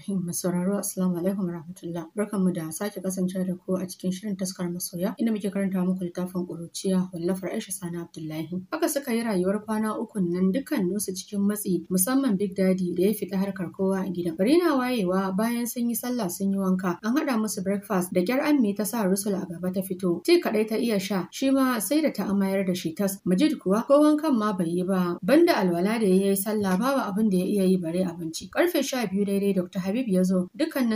Bismillahirrahmanirrahim. Masauraro Assalamu alaikum warahmatullah. mu da sake kasance da ku a cikin shirin taskar masoya inda muke karanta muku littafin ƙuruciya wallafar Aisha Sani Abdullahi. Haka suka yi rayuwar kwana ukun nan dukkan nusu cikin matsi musamman Big Daddy da ya fita harkar kowa a gidan. Bari na wayewa bayan sun yi sallah sun yi wanka an haɗa musu breakfast da kyar Ammi ta sa Rusul a gaba ta fito. Ti kaɗai ta iya sha shi ma sai da ta amayar da shi tas. Majid kuwa ko wankan ma bai yi ba banda alwala da ya yi sallah babu abin da ya iya yi bare abinci. Karfe sha biyu daidai Dr. Habib ya zo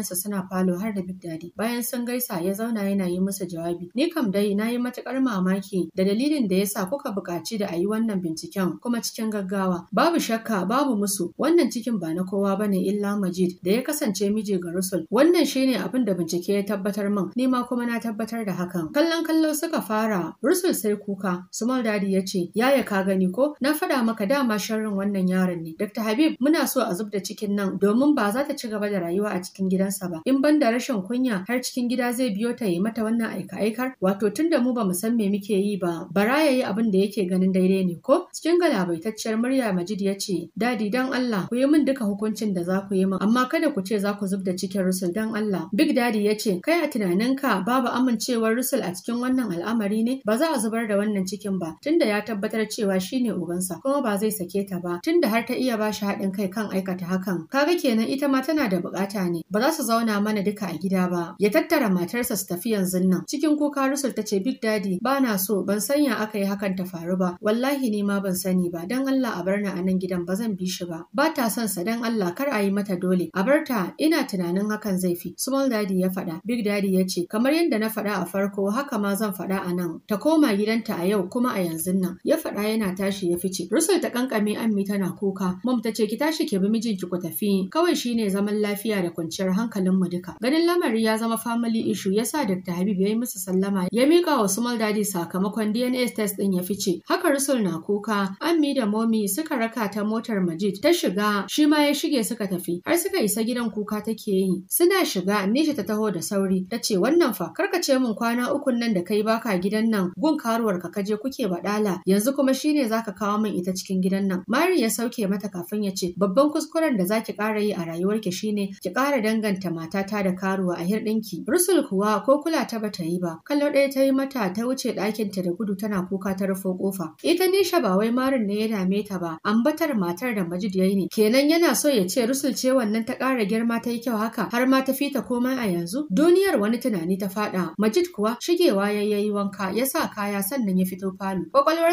su suna falo har da Big Daddy. Bayan sun gaisa ya zauna yana yi musu jawabi. Ni kam dai na yi matukar mamaki da dalilin da yasa kuka buƙaci da a yi wannan binciken kuma cikin gaggawa. Babu shakka babu musu wannan cikin ba na kowa bane illa Majid da ya kasance miji ga Rusul. Wannan shine abin da bincike ya tabbatar min ni ma kuma na tabbatar da hakan. Kallon kallo suka fara Rusul sai kuka. Small Daddy ya ce yaya ka gani ko na faɗa maka dama sharrin wannan yaron ne. Dr. Habib muna so a zub da cikin nan domin ba za ta ci gaba gaba da rayuwa a cikin gidansa ba in banda rashin kunya har cikin gida zai biyo ta yi mata wannan aika aikar wato tunda mu ba mu san me muke yi ba bara yayi abin da yake ganin daidai ne ko cikin galabaitacciyar murya Majid ya ce dadi dan Allah ku yi min duka hukuncin da za ku yi min amma kada ku ce za ku zubda cikin rusul dan Allah Big dadi ya ce kai a ka, babu amincewar rusul a cikin wannan al'amari ne ba za a zubar da wannan cikin ba tunda ya tabbatar cewa shi ne ubansa kuma ba zai sake ta ba tunda har ta iya ba shi haɗin kai kan aikata hakan kaga kenan ita ma tana da da bukata ne ba za su zauna mana duka a gida ba ya tattara matarsa su tafi yanzu nan cikin kuka Rusul ta ce Big Daddy ba na so ban sanya aka yi hakan ta faru ba wallahi ni ma ban sani ba dan Allah a bar ni a nan gidan ba zan bi shi ba ba ta son sa dan Allah kar a yi mata dole a bar ta ina tunanin hakan zai fi Small Daddy ya faɗa Big Daddy ya ce kamar yadda na faɗa a farko haka ma zan faɗa a nan ta koma gidanta a yau kuma a yanzu nan ya faɗa yana tashi ya fice Rusul ta kankame Ammi tana kuka mom ta ce ki tashi ke bi mijinki ku tafi kawai shine zaman lafiya da kwanciyar hankalin mu duka. Ganin lamari ya zama family issue yasa Dr. Habib ya yi musu sallama ya mika wa Sumal daddy sakamakon DNA test din ya fice. Haka Rusul na kuka, Ammi da Momi suka raka ta motar Majid ta shiga, shi ma ya shige suka tafi. Har suka isa gidan kuka take yi. Suna shiga, Nisha ta taho da sauri, ta ce wannan fa karkace min kwana ukun nan da kai baka gidan nan gun karuwar ka kaje kuke badala yanzu kuma shine zaka kawo min ita cikin gidan nan. Mari ya sauke mata kafin ya ce babban kuskuren da zaki ƙara yi a rayuwarki shi shine ki ƙara danganta matata da karuwa a hirɗinki. Rusul kuwa ko kula ta bata yi ba. Kallo ɗaya ta yi mata ta wuce ɗakinta da gudu tana kuka ta rufo ƙofa. Ita Nisha ba wai marin ne ya dame ta ba, ambatar matar da Majid ya yi ne. Kenan yana so ya ce Rusul ce wannan ta ƙara girma ta yi kyau haka har ma ta fita komai a yanzu. Duniyar wani tunani ta faɗa. Majid kuwa shigewa ya yayi wanka ya sa kaya sannan ya fito falo.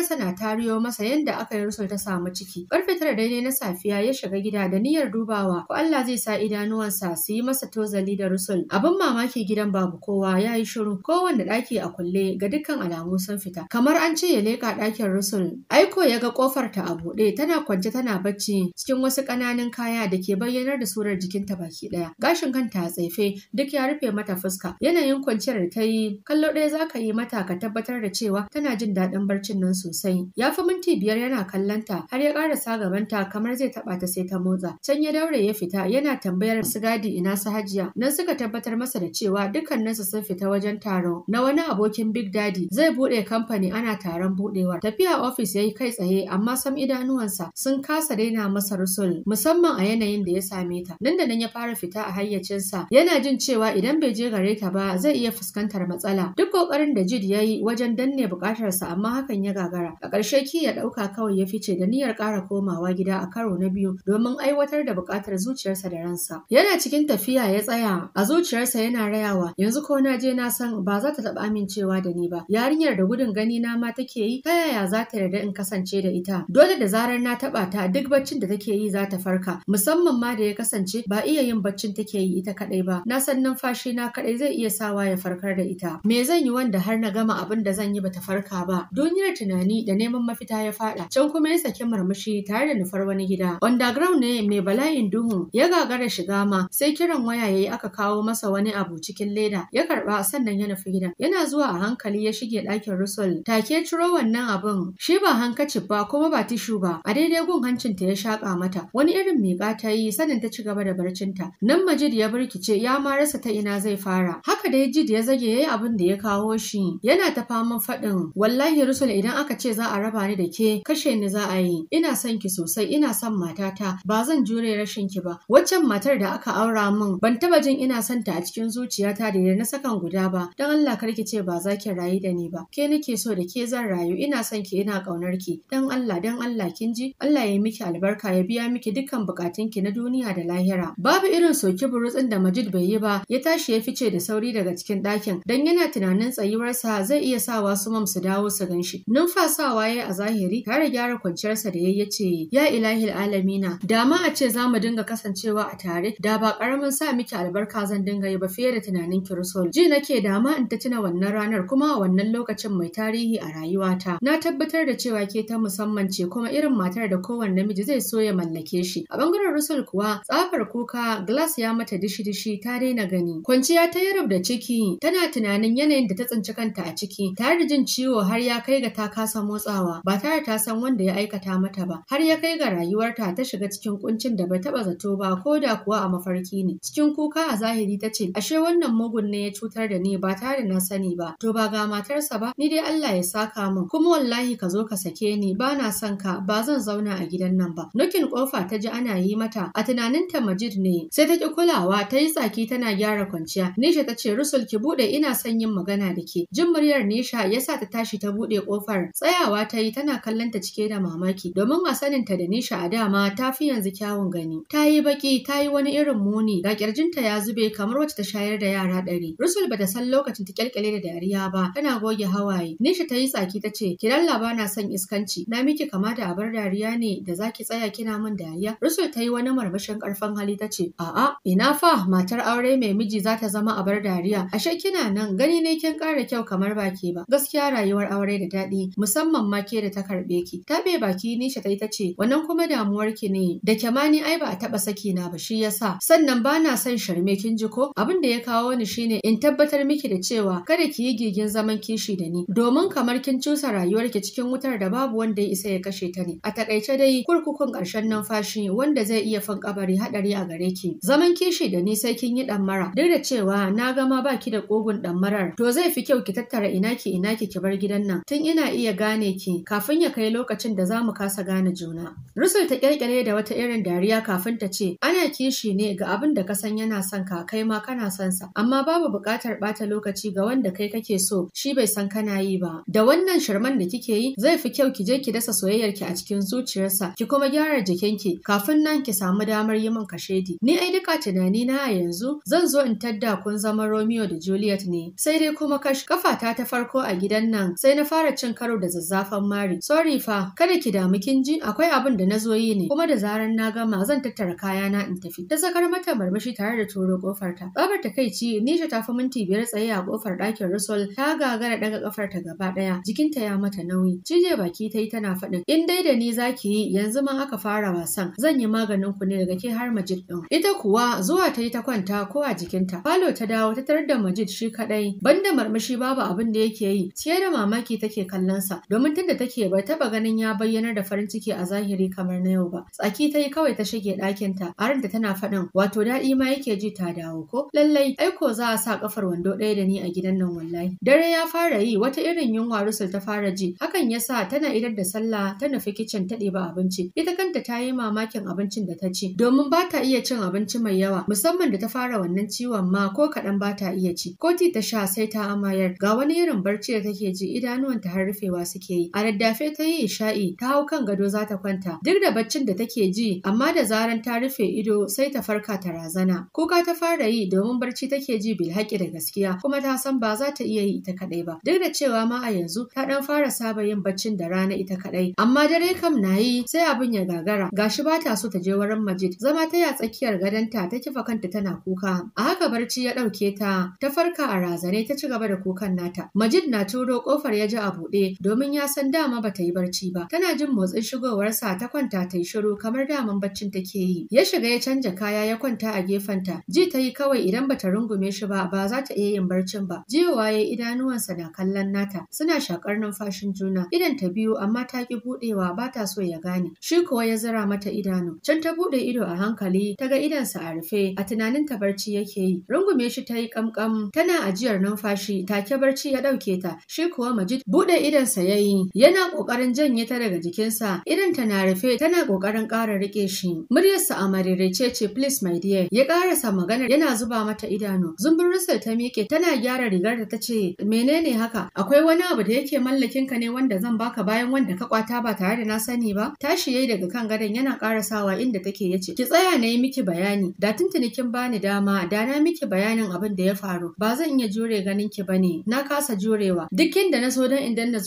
sa na tariyo masa yadda aka yi Rusul ta samu ciki. Karfe tara dai ne na safiya ya shiga gida da niyyar dubawa ko Allah zai sa idanuwansa su yi masa tozali da rusul. Abin mamaki gidan babu kowa ya yi shiru kowanne ɗaki a kulle ga dukkan alamu sun fita. Kamar an ce ya leƙa ɗakin rusul. Aiko ya ga ƙofar ta a buɗe tana kwance tana bacci cikin wasu ƙananan kaya da ke bayyanar da surar jikinta baki ɗaya. Gashin kanta a tsaife duk ya rufe mata fuska. Yanayin kwanciyar da ta yi kallo ɗaya za ka yi mata ka tabbatar da cewa tana jin daɗin barcin nan sosai. Ya fi minti biyar yana kallonta har ya ƙarasa gabanta kamar zai taɓa ta sai ta motsa. Can ya daure ya fita yana ta tambayar su gadi ina su hajiya nan suka tabbatar masa da cewa dukkaninsu sun fita wajen taro na wani abokin big daddy zai bude kamfani ana taron budewar tafiya ofis yayi kai tsaye amma sam idanuwansa sun kasa daina masa rusul musamman a yanayin da ya same ta nan da nan ya fara fita a hayyacinsa yana jin cewa idan bai je gare ta ba zai iya fuskantar matsala duk kokarin da jid yayi wajen danne bukatarsa amma hakan ya gagara a ƙarshe ki ya ɗauka kawai ya fice da niyyar ƙara komawa gida a karo na biyu domin aiwatar da bukatar zuciyarsa da ransa kansa. Yana cikin tafiya ya tsaya a zuciyarsa yana rayawa yanzu ko na je na san ba za ta taɓa amincewa da ni ba. Yarinyar da gudun gani na ma take yi ta yaya za ta yarda in kasance da ita. Dole da zarar na taɓa ta duk baccin da take yi za ta farka musamman ma da ya kasance ba iya yin baccin take yi ita kaɗai ba. Na san numfashi na kaɗai zai iya sawa ya farkar da ita. Me zan yi wanda har na gama abin da zan yi ba ta farka ba. Duniyar tunani da neman mafita ya faɗa. Can kuma ya saki murmushi tare da nufar wani gida. Underground ne mai bala'in duhu ya gagara shiga ma sai kiran waya yayi aka kawo masa wani abu cikin leda ya karba sannan ya nufi gidan yana zuwa a hankali ya shige ɗakin Rusul take ciro wannan abin shi ba hankaci ba kuma ba tishu ba a daidai gun hancin ta ya shaka mata wani irin miƙa ta yi sanin ta ci gaba da barcinta nan Majid ya birkice ya ma rasa ta ina zai fara haka dai Jid ya zage yayi abin da ya kawo shi yana ta faman faɗin wallahi Rusul idan aka ce za a raba ni da ke kashe ni za a yi ina son ki sosai ina son matata ba zan jure rashin ki ba waccan mata matar da aka aura min ban taba jin ina son ta a cikin zuciyata da na sakan guda ba don Allah karki ce ba za ki rayu da ni ba ke nake so da ke zan rayu ina son ki ina kaunar ki dan Allah dan Allah kin ji Allah ya yi miki albarka ya biya miki dukkan bukatun ki na duniya da lahira babu irin soki burutsin da Majid bai yi ba ya tashi ya fice da sauri daga cikin ɗakin don yana tunanin tsayuwarsa zai iya sawa su mam su dawo su ganshi numfasawa ya a zahiri tare gyara kwanciyarsa da yayyace? ya ce ya ilahil alamina da ma a ce za mu dinga kasancewa a tare tare da ba karamin sa miki albarka zan dinga yi ba fiye da tunanin rusul ji nake dama in ta tuna wannan ranar kuma a wannan lokacin mai tarihi a rayuwata na tabbatar da cewa ke ta musamman ce kuma irin matar da kowane namiji zai so ya mallake shi a bangaren rusul kuwa tsafar kuka glass ya mata dishi-dishi ta daina gani kwanciya ta yarab da ciki tana tunanin yanayin da ta tsinci kanta a ciki tare da jin ciwo har ya kai ga ta kasa motsawa ba tare ta san wanda ya aikata mata ba har ya kai ga rayuwarta ta shiga cikin kuncin da bai taba zato ba ko da kuwa a mafarki ne. Cikin kuka a zahiri ta ce, ashe wannan mugun ne ya cutar da ni ba tare na sani ba, to ba ga matarsa ba, ni dai Allah ya saka min, kuma wallahi ka zo ka sake ni, ba na son ka, ba zan zauna a gidan nan ba. Nukin kofa ta ji ana yi mata, a tunaninta Majid ne, sai ta ki kulawa ta yi tsaki tana gyara kwanciya. Nisha ta ce, Rusul ki buɗe ina son yin magana da ke. Jin muryar Nisha ya sa ta tashi ta buɗe kofar, tsayawa ta yi tana kallon ta cike da mamaki, domin a saninta da Nisha a dama ta fi yanzu kyawun gani. Ta yi baki, ta yi wani irin muni ga kirjinta ya zube kamar wacce ta shayar da yara ɗari. Rusul bata san lokacin ta kyalkyale da dariya ba tana goge hawaye. Nisha ta yi tsaki ta ce ki lalla ba na son iskanci na miki kamata a bar dariya ne da zaki tsaya kina min dariya. Rusul ta yi wani marmashin karfin hali ta ce a'a ina fa matar aure mai miji za ta zama a bar dariya ashe kina nan gani ne kin ƙara kyau kamar baki ba gaskiya rayuwar aure da daɗi musamman ma ke da ta karɓe ki. Ta be baki Nisha ta yi ta ce wannan kuma damuwar ki ne da kyamani ai ba a taɓa saki na ba shi. shi yasa sannan ba na son sharme kin ji ko abin da ya kawo ni shine in tabbatar miki da cewa kada ki yi gigin zaman kishi da ni domin kamar kin cusa rayuwarki cikin wutar da babu wanda ya isa ya kashe ta ne a takaice dai kurkukun ƙarshen numfashi wanda zai iya fankabari kabari hadari a gare ki zaman kishi da ni sai kin yi damara duk da cewa na ga ma baki da kogun damarar to zai fi kyau ki tattara ina ki ina ki ki bar gidan nan tun ina iya gane ki kafin ya kai lokacin da zamu kasa gane juna rusul ta kirkire da wata irin dariya kafin ta ce ana ki kishi ne ga abin da ka san yana son ka kai ma kana son sa amma babu buƙatar ɓata lokaci ga wanda kai kake so shi bai san kana yi ba da wannan shirman da kike yi zai fi kyau ki je ki dasa soyayyar ki a cikin zuciyarsa ki kuma gyara jikin ki? kafin nan ki samu damar yi min kashedi ni ai duka tunani na a yanzu zan zo in tadda kun zama Romeo da Juliet ne sai dai kuma kash kafata ta farko a gidan nan sai na fara cin karo da zazzafan mari sorry fa kada ki damu kin ji akwai abin da na zo yi ne kuma da zaran na gama zan tattara kayana in tafi tafi. Ta sakar mata marmashi tare da turo kofarta. Babar ta kai ci Nisha ta fi minti biyar tsaye a kofar ɗakin Rusul ta gagara daga kafar ta gaba ɗaya jikinta ya mata nauyi. Cije baki ta yi tana faɗin in dai da ni za ki yi yanzu ma aka fara wasan zan yi maganin ku ne daga ke har Majid din. Ita kuwa zuwa ta yi ta kwanta ko a jikinta. Falo ta dawo ta tarar da Majid shi kaɗai banda marmashi babu abin da yake yi. Ciye da mamaki take kallon sa, domin tunda take bai taɓa ganin ya bayyanar da farin ciki a zahiri kamar na yau ba. Tsaki ta kawai ta shige ɗakinta a da ta tana faɗin wato daɗi ma yake ji ta dawo ko lallai aiko za a sa kafar wando ɗaya da ni a gidan nan wallahi dare ya fara yi wata irin yunwa rusul ta fara ji hakan ya sa tana idar da sallah ta nufi kicin ta ɗeba abinci ita kanta ta yi mamakin abincin da ta ci domin ba ta iya cin abinci mai yawa musamman da ta fara wannan ciwon ma ko kaɗan ba ta iya ci ko ti ta sha sai ta amayar ga wani irin barci da take ji idanuwanta har rufewa suke yi a daddafe ta yi isha'i, ta hau kan gado za ta kwanta duk da baccin da take ji amma da zaran ta rufe ido Sai ta farka ta razana. Kuka ta fara yi domin barci take ji bilhaki da gaskiya kuma ta san ba za ta iya yi ita kaɗai ba. Duk da cewa ma a yanzu ta ɗan fara saba yin baccin da rana ita kaɗai. Amma dare kam na yi sai abin ya gagara. Gashi ba ta so ta je wurin Majid. Zama ta ya tsakiyar gadonta ta kifa kanta tana kuka. A haka barci ya ɗauke ta. Ta farka a razane ta ci gaba da kukan nata. Majid na turo kofar ya ji a buɗe domin ya san dama ba ta yi barci ba. Tana jin motsin shigowarsa ta kwanta ta yi shiru kamar daman baccin take yi. Ya shiga ya canza canja kaya ya kwanta a gefenta. Ji ta yi kawai idan bata rungume shi ba ba za ta iya yin barcin ba. Ji waye idanuwansa na kallon nata suna shakar numfashin juna. Idan ta biyu amma ta ki budewa ba ta so ya gane. Shi kuwa ya zira mata idanu. Can ta bude ido a hankali ta ga idansa a rufe a tunanin ta barci yake yi. Rungume shi ta yi kamkam tana ajiyar numfashi take barci ya dauke ta. Shi kuwa Majid bude idansa ya yi yana kokarin janye ta daga jikinsa. Idan ta na rufe tana kokarin kara rike shi. Muryarsa a marirce ya ce please my dear ya karasa maganar yana zuba mata idanu zumbin Russell ta miƙe tana gyara rigar da ta ce menene haka akwai wani abu da yake mallakin ka ne wanda zan baka bayan wanda ka kwata ba tare da na sani ba tashi yayi daga kan gadon yana karasawa inda take yace ki tsaya na yi miki bayani da tuntuni bani dama da na miki bayanin abin da ya faru ba zan iya jure ganin ki bane na kasa jurewa duk inda na so dan in danna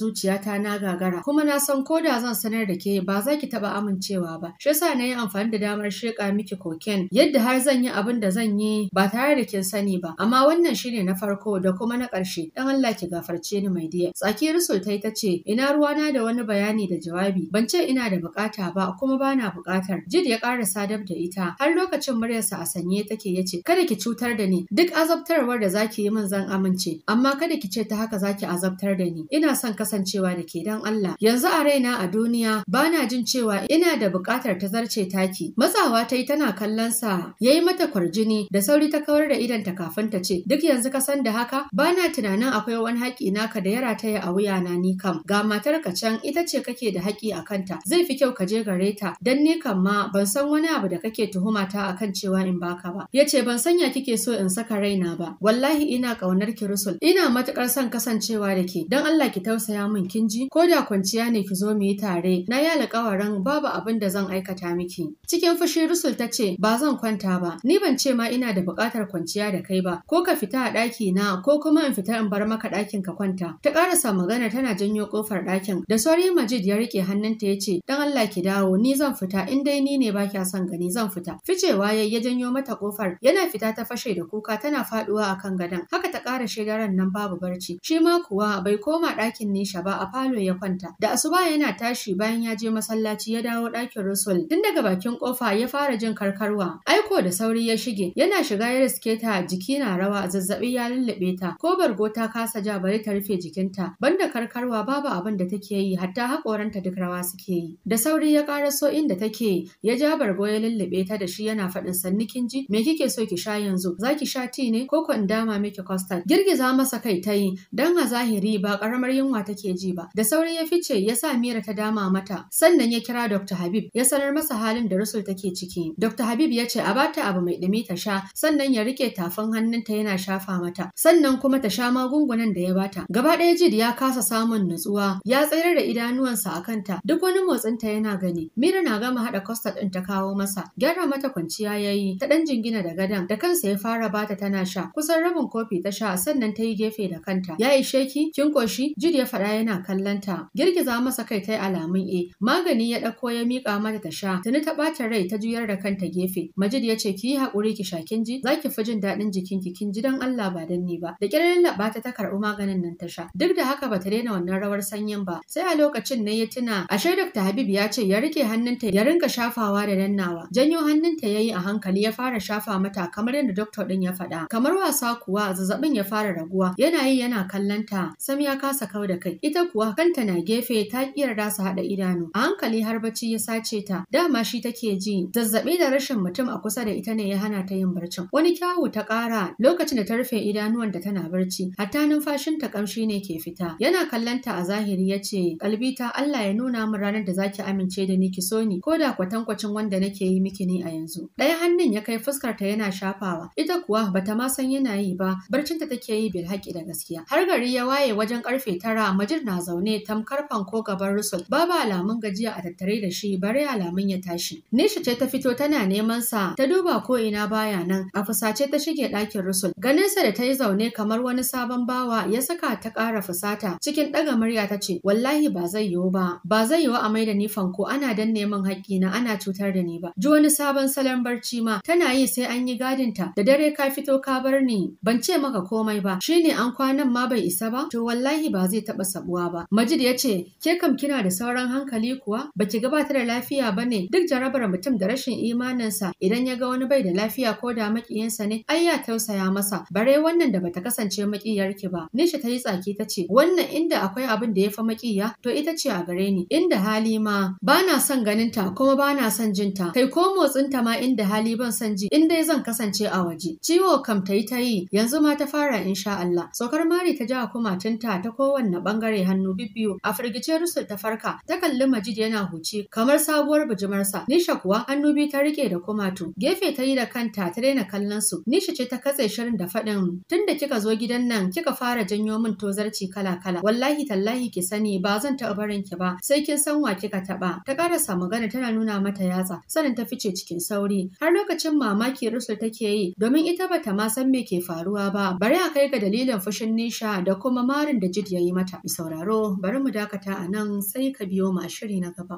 ta na gagara kuma na san ko da zan sanar da ke ba za ki taba amincewa ba shi yasa na yi amfani da damar sheka miki koken yadda har zan yi abin da zan yi ba tare da kin sani ba amma wannan shine na farko da kuma na ƙarshe dan Allah ki gafarce ni mai diya tsaki rusul tai ta ce ina na da wani bayani da jawabi ban ce ina da bukata ba kuma bana bukatar jid ya ƙara sadab da ita har lokacin muryarsa a sanye take yace kada ki cutar da ni duk azabtarwar da zaki yi min zan amince amma kada ki ce ta haka zaki azabtar da ni ina son kasancewa da ke dan Allah yanzu a raina a duniya bana jin cewa ina da bukatar ta zarce taki matsawa ta yi tana kallon sa yayi mata kwarjini da sauri ta kawar da idanta kafin ta ce duk yanzu ka san da haka bana tunanin akwai wani haƙi naka da ya rataya a wuyana ni kam ga matar ka can ita ce kake da haƙi a kanta zai fi kyau ka je gare ta dan ni kam ma ban san wani abu da kake tuhuma ta akan cewa in baka ba yace ban sanya kike so in saka raina ba wallahi ina ƙaunar ki rusul ina matukar son kasancewa da ke dan Allah ki tausaya min kin ji ko da kwanciya ne ki zo mu yi tare na yi alƙawarin babu abin da zan aikata miki cikin fushi rusul ta ce ce ba zan kwanta ba ni ban ce ma ina da buƙatar kwanciya da kai ba ko ka fita a ɗaki na ko kuma in fita in bar maka ɗakin ka kwanta ta ƙarasa magana tana janyo ƙofar ɗakin da sauri Majid ya riƙe hannunta ya ce dan Allah ki dawo ni zan fita in dai ni ne ba kya son gani zan fita ficewa yayi ya janyo mata ƙofar yana fita ta fashe da kuka tana faɗuwa akan gadon haka ta ƙara shedaran nan babu barci shi ma kuwa bai koma ɗakin Nisha ba a falo ya kwanta da asuba yana tashi bayan ya je masallaci ya dawo ɗakin Rusul tun daga bakin ƙofa ya fara jin kar karkarwa. Aiko da sauri ya shige, yana shiga ya riske ta jiki na rawa zazzabi ya lullube ta, ko bargo ta kasa ja bari ta rufe jikinta, banda karkarwa babu abin da take yi hatta hakoranta duk rawa suke yi. Da sauri ya karaso inda take, ya ja bargo ya lullube ta da shi yana faɗin sanni kin ji, me kike so ki sha yanzu? Za ki sha ti ne ko in dama miki custard? Girgiza masa kai ta yi, don a zahiri ba ƙaramar yunwa take ji ba. Da sauri ya fice ya sa Mira ta dama mata, sannan ya kira Dr. Habib ya sanar masa halin da Rusul take ciki. Dr. haka Habib ya ce a bata abu mai ɗumi ta sha sannan ya rike tafin hannunta yana shafa mata sannan kuma ta sha magungunan da ya bata. Gaba ɗaya Jid ya kasa samun nutsuwa ya tsayar da idanuwansa a kanta duk wani motsin ta yana gani. Mira na gama haɗa kosta ɗin ta kawo masa gyara mata kwanciya ya yi ta ɗan jingina da gadon da kansa ya fara bata tana sha kusan rabin kofi ta sha sannan ta yi gefe da kanta. Ya yi sheki? kin koshi Jid ya faɗa yana kallonta girgiza masa kai ta yi alamun e magani ya ɗauko ya miƙa mata ta sha tuni ta ɓata rai ta juyar da kanta gefe. Majid ya ce ki yi haƙuri ki sha kin ji za ki fi jin daɗin jikinki kin ji dan Allah ba dan ni ba. Da ƙirar lallaɓa ta karɓi maganin nan ta sha. Duk da haka ba ta daina wannan rawar sanyin ba. Sai a lokacin ne ya tuna ashe Dr. Habib ya ce ya rike hannunta ya rinka shafawa da dannawa. Janyo hannunta ya yi a hankali ya fara shafa mata kamar yadda doktor din ya faɗa. Kamar wasa kuwa zazzabin ya fara raguwa. Yana yi yana kallanta. Sam ya kasa kau da kai. Ita kuwa kanta na gefe ta kiyar da su haɗa idanu. A hankali har bacci ya sace ta. Dama shi take ji. Zazzaɓi da rashin rashin mutum a kusa da ita ne ya hana ta yin barcin. Wani kyawu ta ƙara lokacin da ta rufe idanuwan da tana barci, hatta numfashin ta ƙamshi ne ke fita. Yana kallon ta a zahiri ya ce, "Kalbi ta Allah ya nuna min ranar da za ki amince da ni ki so ni, ko da kwatankwacin wanda nake yi miki ne a yanzu." Ɗaya hannun ya kai fuskar ta yana shafawa, ita kuwa ba ta ma san yana yi ba, barcin ta take yi bil haƙi da gaskiya. Har gari ya waye wajen ƙarfe tara majir na zaune tamkar fanko gaban Rusul, babu alamun gajiya a tattare da shi bare alamun ya tashi. Nisha ce ta fito tana ne neman sa ta duba ko ina baya nan a fusace ta shige ɗakin rusul ganin da ta yi zaune kamar wani sabon bawa ya saka ta ƙara fusata cikin ɗaga murya ta ce wallahi ba zai yiwu ba ba zai yiwu a maida ni fanko ana dan neman haƙƙina ana cutar da ni ba ji wani sabon salon barci ma tana yi sai an yi gadin ta da dare ka fito ka bar ni ban ce maka komai ba shine an kwanan ma bai isa ba to wallahi ba zai taɓa sabuwa ba majid ya ce ke kam kina da sauran hankali kuwa baki gabatar da lafiya ba ne. duk jarabar mutum da rashin imanin idanunsa idan ya ga wani bai da lafiya ko da maƙiyansa ne ai ya tausaya masa bare wannan da bata kasance makiyar ki ba nisha ta yi tsaki ta ce wannan inda akwai abin da ya fa makiya to ita ce a gare ni inda hali ma ba na son ganin ta kuma ba na son jin ta kai ko motsin ta ma inda hali ban son ji in dai zan kasance a waje ciwo kam ta yi ta yi yanzu ma ta fara insha Allah saukar mari ta ja tinta ta kowanne bangare hannu bibbiyu a firgice rusul ta farka ta kalli majid yana huce. kamar sabuwar bijimarsa nisha kuwa hannu biyu ta rike da kumatu. Gefe ta yi da kanta ta daina kallon su. Nisha ce ta katse shirin da faɗin Tunda kika zo gidan nan kika fara janyo min tozarci kala-kala. Wallahi tallahi ki sani ba zan taɓa barin ki ba sai kin san wa kika taɓa. Ta karasa magana tana nuna mata yatsa sanin ta fice cikin sauri. Har lokacin mamaki Rusul take yi domin ita bata ma san me ke faruwa ba. Bari a kai ga dalilin fushin Nisha da kuma marin da Jid ya yi mata. Mi sauraro bari mu dakata a nan sai ka biyo ma shiri na gaba.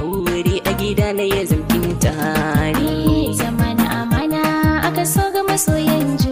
Aure a gida na ya zamkinta buhari zamana amana aka so ga masoyan